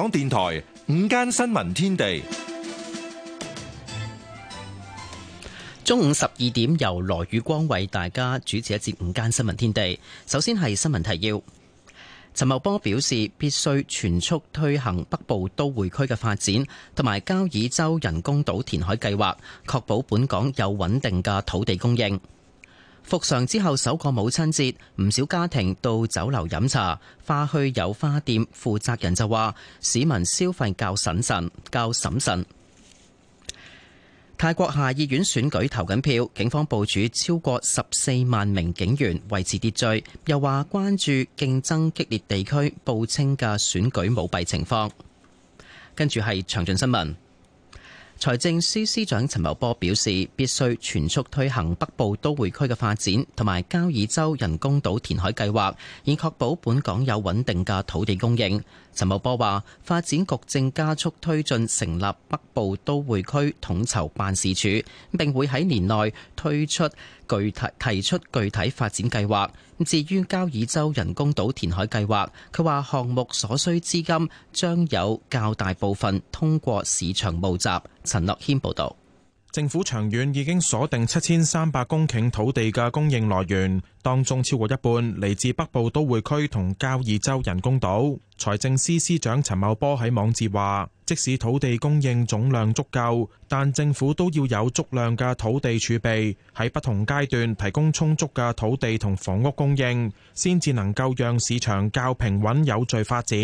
港電台午間新聞天地，中午十二點由羅宇光為大家主持一節午間新聞天地。首先係新聞提要，陳茂波表示必須全速推行北部都會區嘅發展，同埋交椅洲人工島填海計劃，確保本港有穩定嘅土地供應。復常之後首個母親節，唔少家庭到酒樓飲茶。花墟有花店負責人就話：市民消費較審慎，較審慎。泰國下議院選舉投緊票，警方部署超過十四萬名警員維持秩序，又話關注競爭激烈地區報稱嘅選舉舞弊情況。跟住係詳盡新聞。財政司司長陳茂波表示，必須全速推行北部都會區嘅發展，同埋交椅洲人工島填海計劃，以確保本港有穩定嘅土地供應。陳茂波話：發展局正加速推進成立北部都會區統籌辦事處，並會喺年內推出具體提出具體發展計劃。至於交椅洲人工島填海計劃，佢話項目所需資金將有較大部分通過市場募集。陳樂軒報道。政府長遠已經鎖定七千三百公頃土地嘅供應來源。當中超過一半嚟自北部都會區同交椅洲人工島。財政司司長陳茂波喺網誌話：即使土地供應總量足夠，但政府都要有足量嘅土地儲備，喺不同階段提供充足嘅土地同房屋供應，先至能夠讓市場較平穩有序發展。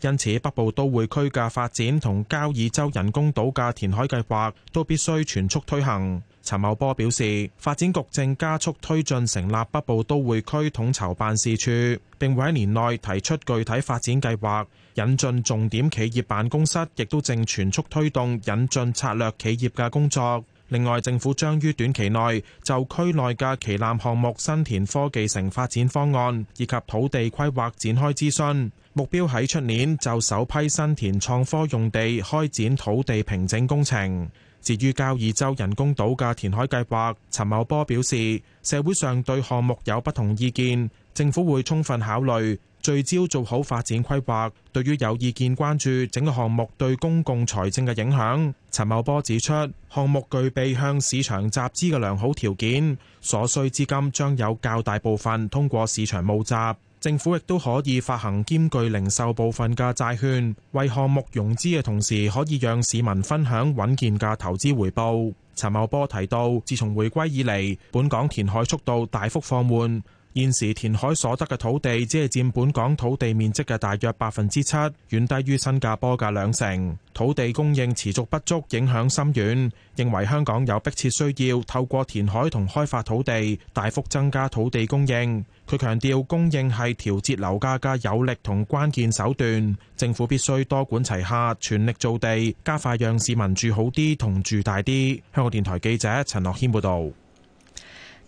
因此，北部都會區嘅發展同交椅洲人工島嘅填海計劃都必須全速推行。陳茂波表示，發展局正加速推進成立北部都會區統籌辦事處，並會喺年內提出具體發展計劃。引進重點企業辦公室亦都正全速推動引進策略企業嘅工作。另外，政府將於短期內就區內嘅旗艦項目新田科技城發展方案以及土地規劃展開諮詢，目標喺出年就首批新田創科用地開展土地平整工程。至於交椅洲人工島嘅填海計劃，陳茂波表示，社會上對項目有不同意見，政府會充分考慮，聚焦做好發展規劃。對於有意見關注整個項目對公共財政嘅影響，陳茂波指出，項目具備向市場集資嘅良好條件，所需資金將有較大部分通過市場募集。政府亦都可以發行兼具零售部分嘅債券，為項目融資嘅同時，可以讓市民分享穩健嘅投資回報。陳茂波提到，自從回歸以嚟，本港填海速度大幅放緩。現時填海所得嘅土地，只係佔本港土地面積嘅大約百分之七，遠低於新加坡嘅兩成。土地供應持續不足，影響深遠。認為香港有迫切需要，透過填海同開發土地，大幅增加土地供應。佢強調，供應係調節樓價嘅有力同關鍵手段。政府必須多管齊下，全力造地，加快讓市民住好啲同住大啲。香港電台記者陳樂軒報導。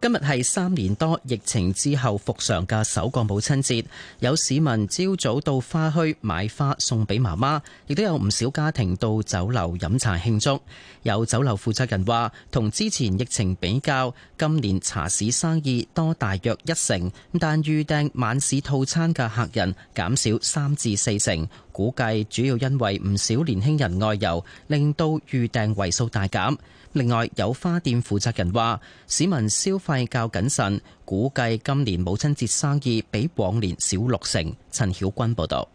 今日係三年多疫情之後復常嘅首個母親節，有市民朝早到花墟買花送俾媽媽，亦都有唔少家庭到酒樓飲茶慶祝。有酒樓負責人話，同之前疫情比較，今年茶市生意多大約一成，但預訂晚市套餐嘅客人減少三至四成，估計主要因為唔少年輕人外遊，令到預訂位數大減。另外，有花店負責人話，市民消費較謹慎，估計今年母親節生意比往年少六成。陳曉君報道。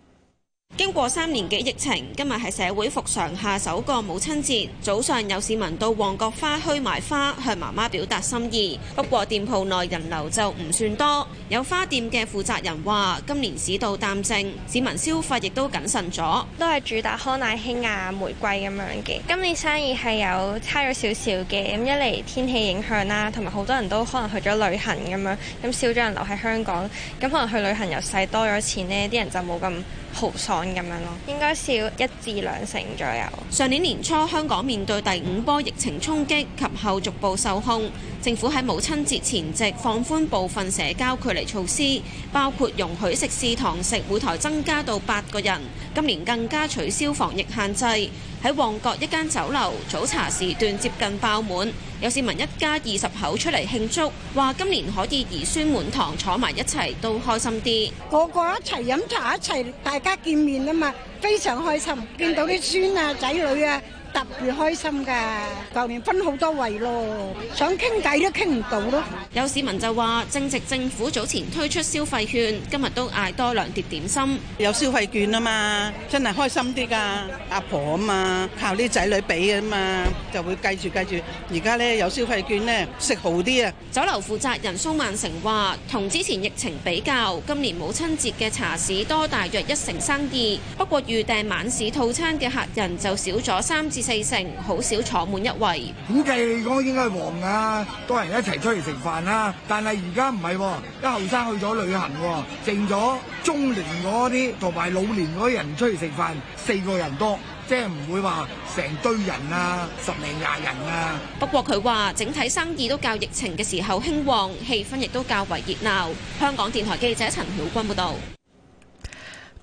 經過三年嘅疫情，今日係社會復常下首個母親節。早上有市民到旺角花墟買花，向媽媽表達心意。不過店鋪內人流就唔算多。有花店嘅負責人話，今年市道淡靜，市民消費亦都謹慎咗，都係主打康乃馨啊、玫瑰咁樣嘅。今年生意係有差咗少少嘅。咁一嚟天氣影響啦，同埋好多人都可能去咗旅行咁樣，咁少咗人留喺香港，咁可能去旅行又使多咗錢呢，啲人就冇咁。豪爽，咁樣咯，應該少一至兩成左右。上年年初香港面對第五波疫情衝擊，及後逐步受控，政府喺母親節前夕放寬部分社交距離措施，包括容許食肆堂食每枱增加到八個人，今年更加取消防疫限制。喺旺角一間酒樓早茶時段接近爆滿，有市民一家二十口出嚟慶祝，話今年可以兒孫滿堂坐埋一齊都開心啲。個個一齊飲茶一齊，大家見面啊嘛，非常開心，見到啲孫啊仔女啊。特別開心㗎！舊年分好多位咯，想傾偈都傾唔到咯。有市民就話：正值政府早前推出消費券，今日都嗌多兩碟點心。有消費券啊嘛，真係開心啲㗎，阿婆啊嘛，靠啲仔女俾嘅嘛，就會計住計住。而家呢，有消費券呢，食好啲啊！酒樓負責人蘇萬成話：同之前疫情比較，今年母親節嘅茶市多大約一成生意，不過預訂晚市套餐嘅客人就少咗三至四成，好少坐滿一圍，估計你講應該係旺㗎，多人一齊出嚟食飯啦、啊。但係而家唔係，啲後生去咗旅行喎、啊，剩咗中年嗰啲同埋老年嗰啲人出嚟食飯，四個人多，即係唔會話成堆人啊，十零廿人啊。不過佢話，整體生意都較疫情嘅時候興旺，氣氛亦都較為熱鬧。香港電台記者陳曉君報導。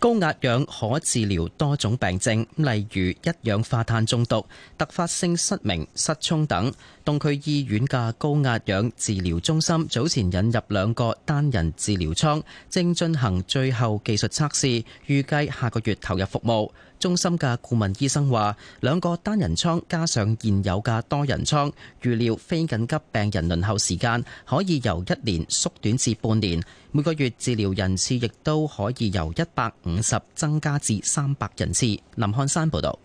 高壓氧可治療多種病症，例如一氧化碳中毒、突發性失明、失聰等。東區醫院嘅高壓氧治療中心早前引入兩個單人治療艙，正進行最後技術測試，預計下個月投入服務。中心嘅顧問醫生話：兩個單人艙加上現有嘅多人艙，預料非緊急病人輪候時間可以由一年縮短至半年，每個月治療人次亦都可以由一百五十增加至三百人次。林漢山報道。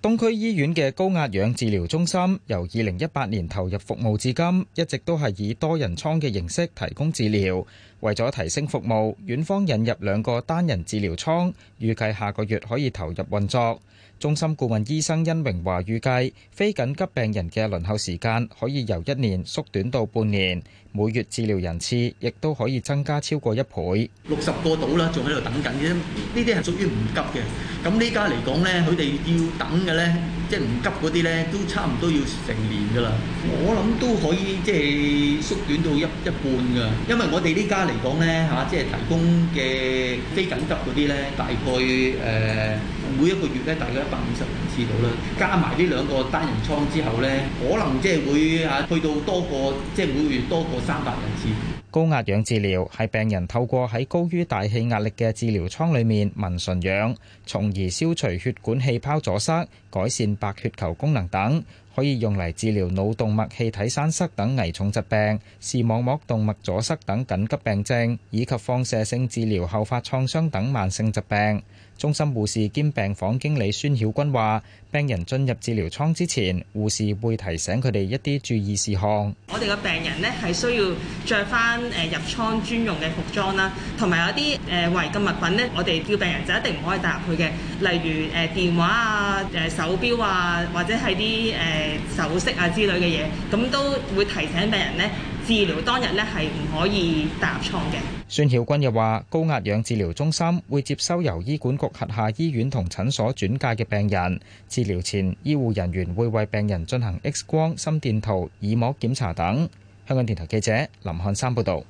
東區醫院嘅高壓氧治療中心由二零一八年投入服務至今，一直都係以多人艙嘅形式提供治療。為咗提升服務，院方引入兩個單人治療艙，預計下個月可以投入運作。中心顧問醫生殷榮華預計，非緊急病人嘅輪候時間可以由一年縮短到半年，每月治療人次亦都可以增加超過一倍。六十個到啦，仲喺度等緊嘅，呢啲係屬於唔急嘅。咁呢家嚟講呢，佢哋要等嘅呢。即係唔急嗰啲呢，都差唔多要成年㗎啦。我諗都可以即係、就是、縮短到一一半㗎。因為我哋呢家嚟講呢，嚇、啊，即係提供嘅非緊急嗰啲呢，大概誒、呃、每一個月呢，大概一百五十人次到啦。加埋呢兩個單人倉之後呢，可能即係會嚇、啊、去到多過即係、就是、每個月多過三百人次。高壓氧治療係病人透過喺高於大氣壓力嘅治療艙裡面聞純氧，從而消除血管氣泡阻塞、改善白血球功能等，可以用嚟治療腦動脈氣體栓塞等危重疾病、視網膜動脈阻塞等緊急病症，以及放射性治療後發創傷等慢性疾病。中心護士兼病房經理孫曉君話，病人進入治療艙之前，護士會提醒佢哋一啲注意事項。我哋嘅病人呢係需要着翻誒入倉專用嘅服裝啦，同埋有啲誒違禁物品呢，我哋叫病人就一定唔可以帶入去嘅，例如誒、呃、電話啊、誒手錶啊，或者係啲誒首飾啊之類嘅嘢，咁都會提醒病人呢，治療當日呢，係唔可以帶入倉嘅。孫曉君又話：高壓氧治療中心會接收由醫管局轄下醫院同診所轉介嘅病人，治療前醫護人員會為病人進行 X 光、心電圖、耳膜檢查等。香港電台記者林漢山報導。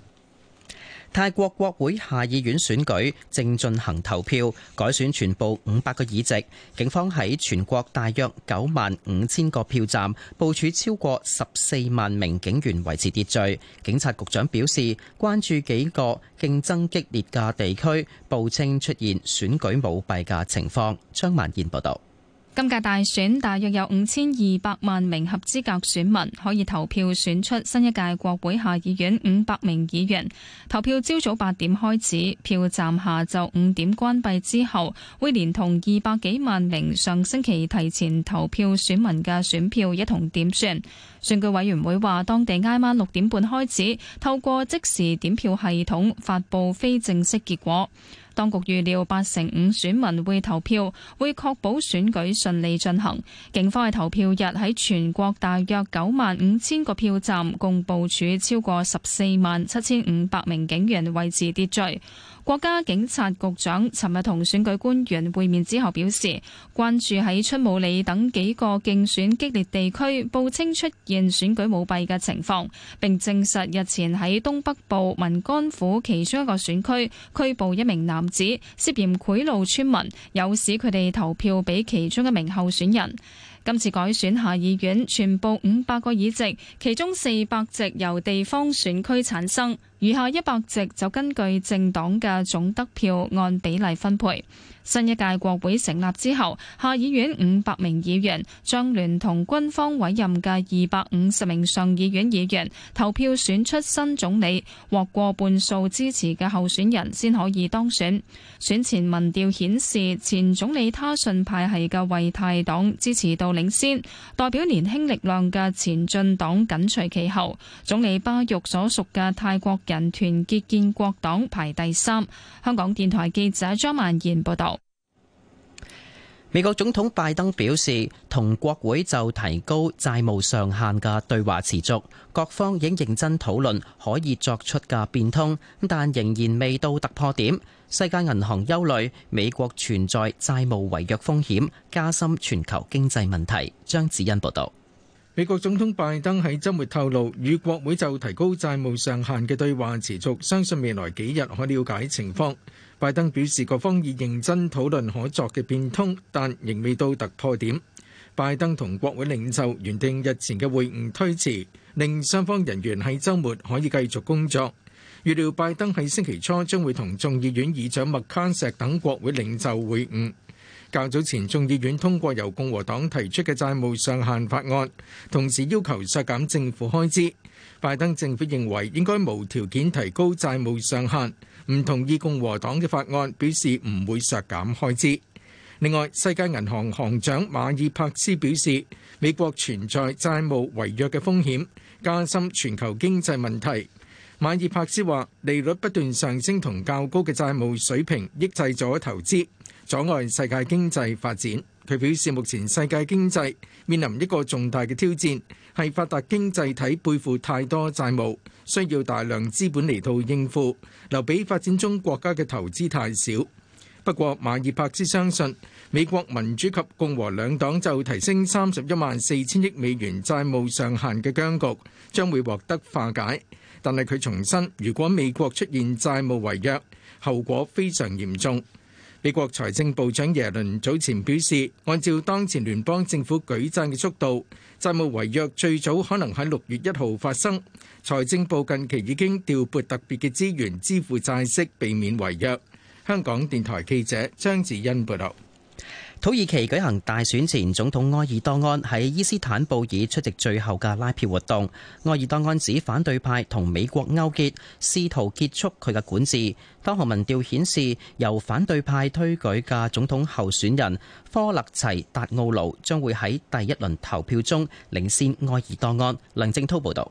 泰國國會下議院選舉正進行投票，改選全部五百個議席。警方喺全國大約九萬五千個票站部署超過十四萬名警員維持秩序。警察局長表示，關注幾個競爭激烈嘅地區，報稱出現選舉舞弊嘅情況。張萬燕報道。今屆大選大約有五千二百萬名合資格選民可以投票選出新一屆國會下議院五百名議員。投票朝早八點開始，票站下晝五點關閉之後，會連同二百幾萬名上星期提前投票選民嘅選票一同點算。選舉委員會話，當地挨晚六點半開始透過即時點票系統發布非正式結果。當局預料八成五選民會投票，會確保選舉順利進行。警方嘅投票日喺全國大約九萬五千個票站，共部署超過十四萬七千五百名警員維持秩序。國家警察局長尋日同選舉官員會面之後，表示關注喺春武里等幾個競選激烈地區，報稱出現選舉舞弊嘅情況，並證實日前喺東北部文甘府其中一個選區拘捕一名男子，涉嫌賄賂村民，誘使佢哋投票俾其中一名候選人。今次改選下議院，全部五百個議席，其中四百席由地方選區產生。餘下一百席就根據政黨嘅總得票按比例分配。新一屆國會成立之後，下議院五百名議員將聯同軍方委任嘅二百五十名上議院議員投票選出新總理，獲過半數支持嘅候選人先可以當選。選前民調顯示，前總理他信派系嘅為泰黨支持度領先，代表年輕力量嘅前進黨緊隨其後。總理巴育所屬嘅泰國人團結建國黨排第三。香港電台記者張曼賢報道。美國總統拜登表示，同國會就提高債務上限嘅對話持續，各方已經認真討論可以作出嘅變通，但仍然未到突破點。世界銀行憂慮美國存在債務違約風險，加深全球經濟問題。張子欣報道。美國總統拜登喺週末透露，與國會就提高債務上限嘅對話持續，相信未來幾日可了解情況。拜登表示，各方已認真討論可作嘅變通，但仍未到突破點。拜登同國會領袖原定日前嘅會晤推遲，令雙方人員喺週末可以繼續工作。預料拜登喺星期初將會同眾議院議長麥卡錫等國會領袖會晤。較早前，眾議院通過由共和黨提出嘅債務上限法案，同時要求削減政府開支。拜登政府認為應該無條件提高債務上限，唔同意共和黨嘅法案，表示唔會削減開支。另外，世界銀行行長馬爾帕斯表示，美國存在債務違約嘅風險，加深全球經濟問題。馬爾帕斯話：利率不斷上升同較高嘅債務水平抑制咗投資。阻礙世界經濟發展。佢表示，目前世界經濟面臨一個重大嘅挑戰，係發達經濟體背負太多債務，需要大量資本嚟到應付，留俾發展中國家嘅投資太少。不過，馬爾帕斯相信美國民主及共和兩黨就提升三十一萬四千億美元債務上限嘅僵局，將會獲得化解。但係佢重申，如果美國出現債務違約，後果非常嚴重。美國財政部長耶倫早前表示，按照當前聯邦政府舉債嘅速度，債務違約最早可能喺六月一號發生。財政部近期已經調撥特別嘅資源支付債息，避免違約。香港電台記者張智欣報道。土耳其舉行大選前，總統埃爾多安喺伊斯坦布爾出席最後嘅拉票活動。埃爾多安指反對派同美國勾結，試圖結束佢嘅管治。當局民調顯示，由反對派推舉嘅總統候選人科勒齊達奧盧將會喺第一輪投票中領先埃爾多安。林正濤報導。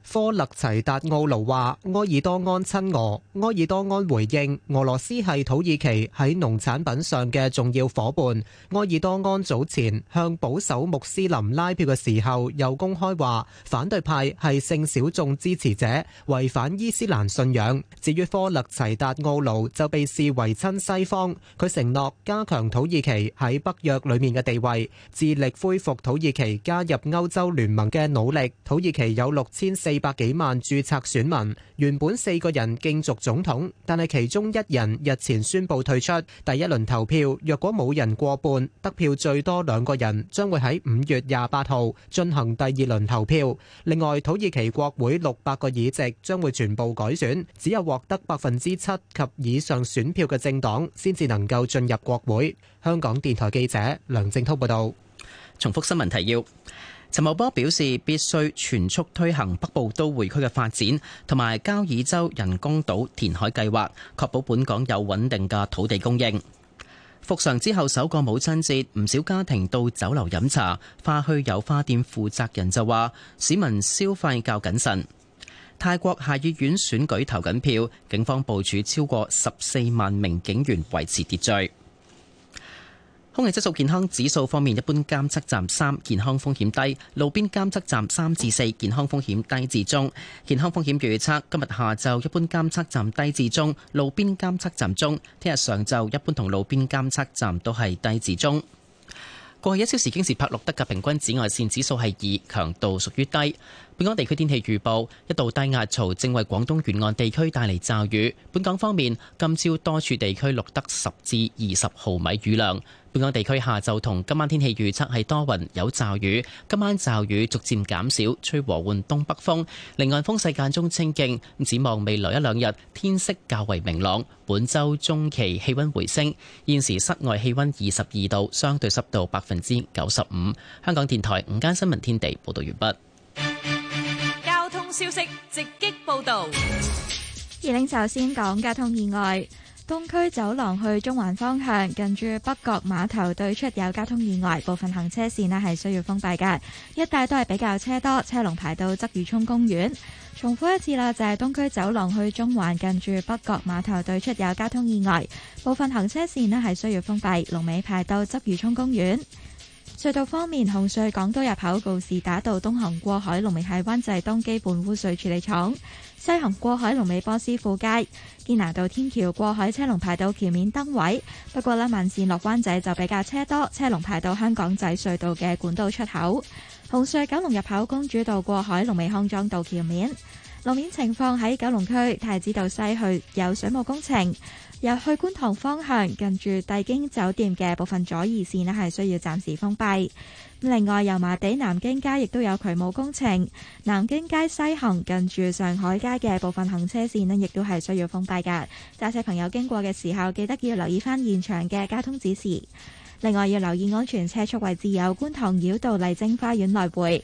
科勒齊達奧盧話：埃爾多安親俄。埃爾多安回應：俄羅斯係土耳其喺農產品上嘅重要伙伴。埃爾多安早前向保守穆斯林拉票嘅時候，又公開話：反對派係性小眾支持者，違反伊斯蘭信仰。至於科勒齊達奧盧就被視為親西方，佢承諾加強土耳其喺北約裡面嘅地位，致力恢復土耳其加入歐洲聯盟嘅努力。土耳其有六千四四百幾萬註冊選民，原本四個人競逐總統，但係其中一人日前宣布退出。第一輪投票若果冇人過半，得票最多兩個人將會喺五月廿八號進行第二輪投票。另外，土耳其國會六百個議席將會全部改選，只有獲得百分之七及以上選票嘅政黨先至能夠進入國會。香港電台記者梁正濤報道。重複新聞提要。陳茂波表示，必須全速推行北部都會區嘅發展，同埋交椅洲人工島填海計劃，確保本港有穩定嘅土地供應。復常之後首個母親節，唔少家庭到酒樓飲茶。花墟有花店負責人就話，市民消費較謹慎。泰國下議院選舉投緊票，警方部署超過十四萬名警員維持秩序。空氣質素健康指數方面，一般監測站三，健康風險低；路邊監測站三至四，健康風險低至中。健康風險預測今日下晝一般監測站低至中，路邊監測站中；聽日上晝一般同路邊監測站都係低至中。過去一小時，京士柏錄，錄得嘅平均紫外線指數係二，強度屬於低。本港地區天氣預報：一道低壓槽正為廣東沿岸地區帶嚟驟雨。本港方面，今朝多處地區錄得十至二十毫米雨量。本港地區下晝同今晚天氣預測係多雲有驟雨，今晚驟雨逐漸減少，吹和緩東北風，離岸風勢間中清勁。展望未來一兩日，天色較為明朗。本周中期氣温回升，現時室外氣温二十二度，相對濕度百分之九十五。香港電台午間新聞天地報道完畢。交通消息直擊報道，二零首先講交通意外。東區走廊去中環方向，近住北角碼頭對出有交通意外，部分行車線咧係需要封閉嘅，一帶都係比較車多，車龍排到鰂魚涌公園。重複一次啦，就係東區走廊去中環，近住北角碼頭對出有交通意外，部分行車線咧係需要封閉，龍尾排到鰂魚涌公園。隧道方面，紅隧港島入口告士打道東行過海，龍尾喺灣仔東基本污水處理廠；西行過海，龍尾波斯富街堅拿道天橋過海，車龍排到橋面燈位。不過咧，慢線落灣仔就比較車多，車龍排到香港仔隧道嘅管道出口。紅隧九龍入口公主道過海，龍尾康莊道橋面。路面情況喺九龍區太子道西去有水務工程。入去觀塘方向，近住帝京酒店嘅部分左二線咧，係需要暫時封閉。另外，油麻地南京街亦都有渠務工程，南京街西行近住上海街嘅部分行車線咧，亦都係需要封閉噶。揸車朋友經過嘅時候，記得要留意翻現場嘅交通指示。另外，要留意安全車速位置有觀塘繞道麗晶花園來回。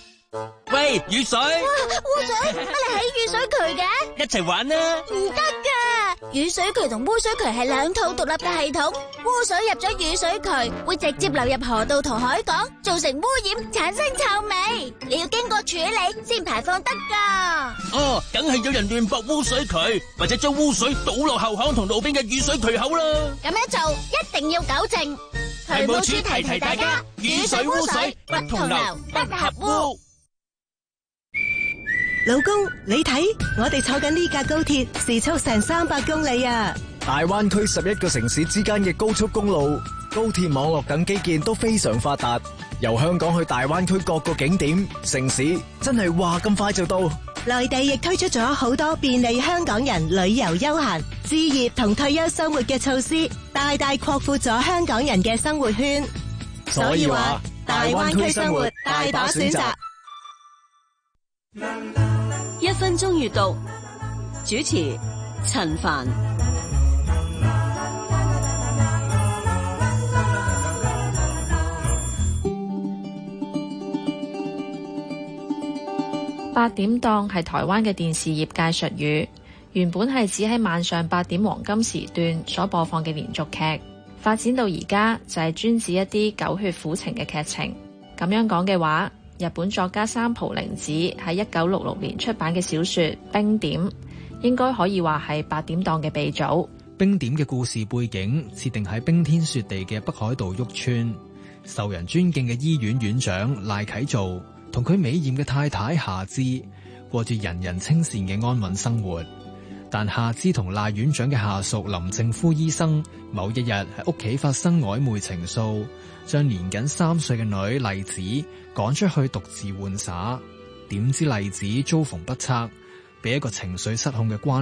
喂，雨水！哇，污水！我哋喺雨水渠嘅，一齊玩啊！唔得噶，雨水渠同污水渠係兩套獨立嘅系統，污水入咗雨水渠會直接流入河道同海港，造成污染，產生臭味。你要經過處理先排放得噶。哦，梗係有人亂駁污水渠，或者將污水倒落後巷同路邊嘅雨水渠口啦。咁樣做一定要糾正。渠務處提提大家，雨水污水不同流，不合污。老公，你睇，我哋坐緊呢架高鐵，時速成三百公里啊！大灣區十一個城市之間嘅高速公路、高鐵網絡等基建都非常發達，由香港去大灣區各個景點、城市，真係話咁快就到。內地亦推出咗好多便利香港人旅遊、休閒、置業同退休生活嘅措施，大大擴闊咗香港人嘅生活圈。所以話，大灣區生活大把選擇。分鐘閱讀主持陳凡。八點檔係台灣嘅電視業界術語，原本係指喺晚上八點黃金時段所播放嘅連續劇。發展到而家就係專指一啲狗血苦情嘅劇情。咁樣講嘅話。日本作家三浦綾子喺一九六六年出版嘅小說《冰點》，應該可以話係八點檔嘅鼻祖。《冰點》嘅故事背景設定喺冰天雪地嘅北海道旭川，受人尊敬嘅醫院院長賴啟造同佢美艷嘅太太夏枝，過住人人稱羨嘅安穩生活。但夏之同賴院長嘅下屬林正夫醫生，某一日喺屋企發生曖昧情愫，將年僅三歲嘅女麗子趕出去獨自玩耍，點知麗子遭逢不測，俾一個情緒失控嘅關。